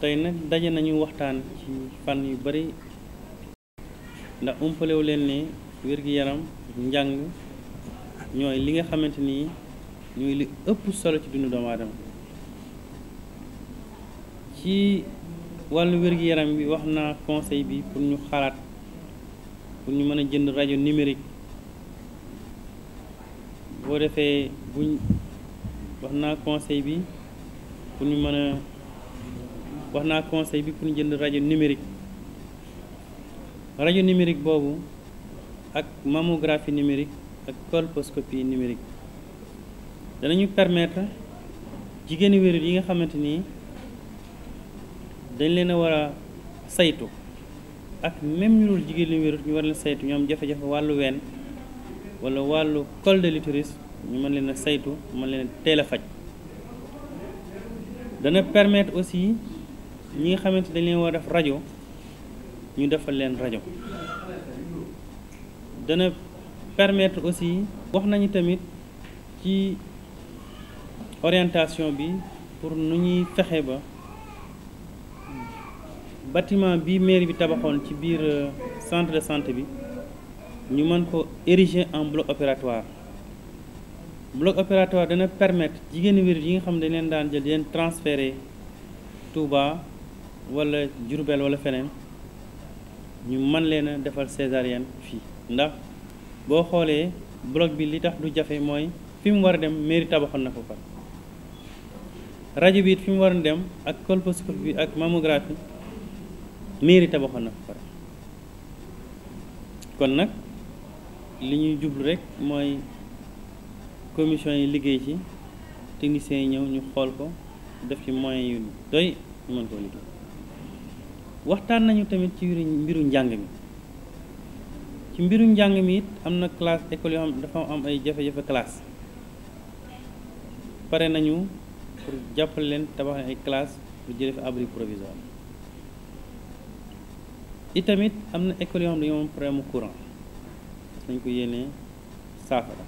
tey nag daje nañu waxtaan ci fànn yu bari ndax umpalewu leen ne wér yaram njàng ñooy li nga xamante ni ñooy li ëpp solo ci dundu doomaadam ci wàllu wér yaram wi wax naa conseil bi pour ñu xalaat pour ñu mën a jënd rajo numérique boo defee buñ wax naa conseil bi pour ñu mën wax naa conseil bi pour ñu jënd rajo numérique rajo numérique boobu ak mammographie numérique ak colposcopie numérique danañu permettre jigéenu wérul yi nga xamante ni dañ leen a war a saytu ak même ñu dul jigéenu wérul ñu war leen saytu ñoom jafe-jafe wàllu ween wala wàllu col de l'utérus ñu mën leen saytu mën leen a teel a faj dana permettre aussi ñi nga xamante dañ leen war def rajo ñu defal leen rajo dana permettre aussi wax nañu tamit ci orientation bi pour nu ñuy fexe ba bâtiment bi mairie bi tabaxoon ci biir euh, centre de santé bi ñu mën ko ériger en bloc opératoire bloc opératoire dana permettre jigéenu wér yi nga xam ne dañ leen daan jël di leen transférer Touba wala Diourbel wala feneen ñu mën leen a defal césarienne fii ndax boo xoolee bloc bi li tax du jafe mooy fi mu war a dem mairie tabaxoon na ko fa rajo bi fi mu war a dem ak colposcopie bi ak mammographie mairie tabaxoon na ko fa kon nag li ñuy jublu rek mooy commission yi liggéey ci techniciens yi ñëw ñu xool ko def ci moyens yu doy mën koo liggéey waxtaan nañu tamit ci mbiru njàng mi ci mbiru njàng mi it am na classe école yoo dafa am ay jafe-jafe classe pare nañu pour jàppale leen tabax leen ay classe pour jëlee fi abri provisoire itamit am na école yoo xam dañoo am problème courant dañ ko yéenee saafara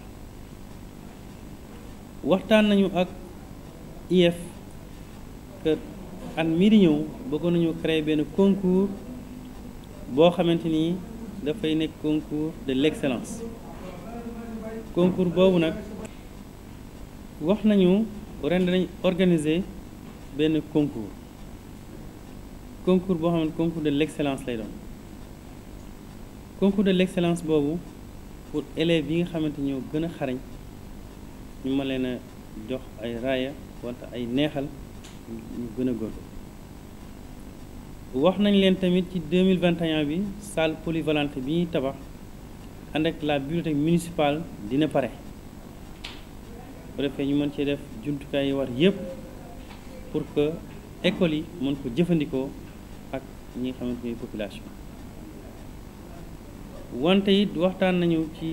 waxtaan nañu ak IEF kër at mii di ñëw bëggoon nañu créer benn concours boo xamante ni dafay nekk concours de l'excellence concours boobu nag wax nañu ren danañ organiser benn concours concours boo xam ne concours de l'excellence lay doon concours de l'excellence boobu pour élèves bi nga xamante ñoo gën a xarañ ñu ma leen a jox ay raaya wante ay neexal ñu gën a góorgóorlu wax nañ leen tamit ci mille 2021 bi salle polyvalente bi ñuy tabax ànd ak la bibliothèque municipale dina pare bu defee ñu mën cee def jumtukaay yi war yépp pour que école yi mën ko jëfandikoo ak ñuy nga xamante ni wante it waxtaan nañu ci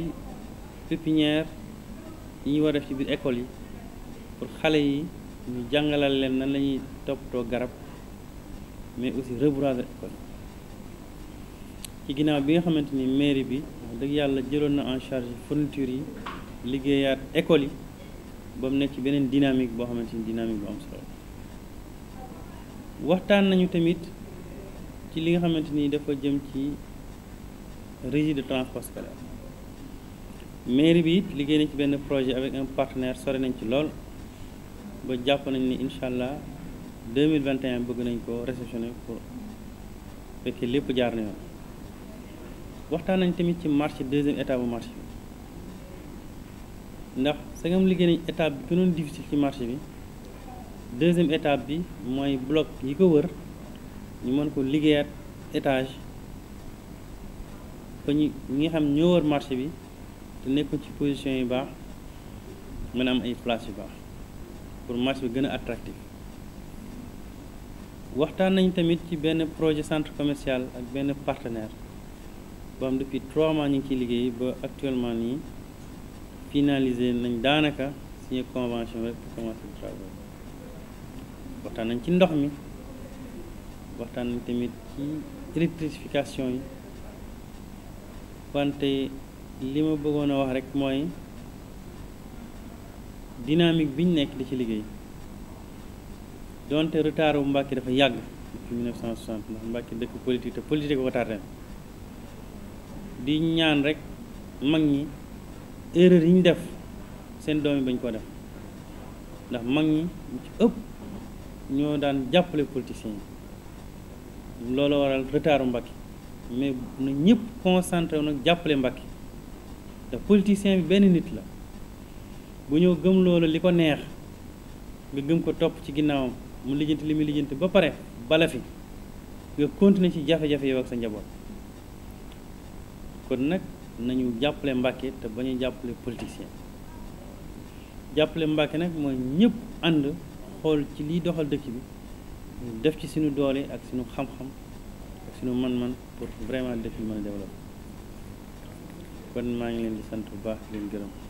pépinière yi ñu war def ci biir école yi pour xale yi ñu jàngalal leen nan la ñuy toppatoo garab mais aussi reboiser école ci ginnaaw bi nga xamante ni mairie bi wax dëgg yàlla jëloon na en charge fourniture yi liggéeyaat école yi ba mu nekk ci beneen dynamique boo xamante ni dynamique bu am solo waxtaan nañu tamit ci li nga xamante ni dafa jëm ci régie de transport scolaire mairie bi it liggéey nañ ci benn projet avec un partenaire sore nañ ci lool ba jàpp nañ ni incha allah 2021 bëgg nañ ko réceptionné pour fekkee lépp jaar nañoo yoon waxtaan nañ tamit ci marché deuxième étape bu marché bi ndax sangam liggéey nañ étape bi gënoon difficile ci marché bi deuxième étape bi mooy bloc yi ko wër ñu mën ko liggéeyaat étage ba ñu ñi nga xam ñoo wër marché bi te nekkoon ci position yu baax mën am ay place yu baax pour marché bi gën a attractif waxtaan nañ tamit ci benn projet centre commercial ak benn partenaire boo xam depuis trois mois ñu ngi ciy liggéey ba actuellement ni finalisé nañ daanaka signé convention rek pour commencer travaux waxtaan nañ ci ndox mi waxtaan nañ tamit ci électrification yi wante li ma bëggoon a wax rek mooy bi ñu nekk di ci liggéey doonte retard bu Mbàkke dafa yàgg depuis 1960 ndax mbakki dëkk politique te politique ko tardé di ñaan rek mag ñi erreur yi ñu def seen doom yi bañ koo def ndax mag ñi ci ëpp ñoo daan jàppale politiciens yi loolu waral retard bu Mbàkke mais na ñëpp concentré wu nag jàppale Mbàkke te politicien bi benn nit la bu ñëw gëm loolu li ko neex nga gëm ko topp ci ginnaawam mu lijjanti li muy lijjanti ba pare bala fi nga continuer ci jafe-jafe yow ak sa njaboot kon nag nañu jàppale Mbàkke te bañu jàppale politicien jàppale Mbàkke nag mooy ñëpp ànd xool ci liy doxal dëkk bi ñu def ci suñu doole ak suñu xam-xam ak suñu man-man pour vraiment dëkk bi mën a kon maa ngi leen di sant bu baax leen gërëm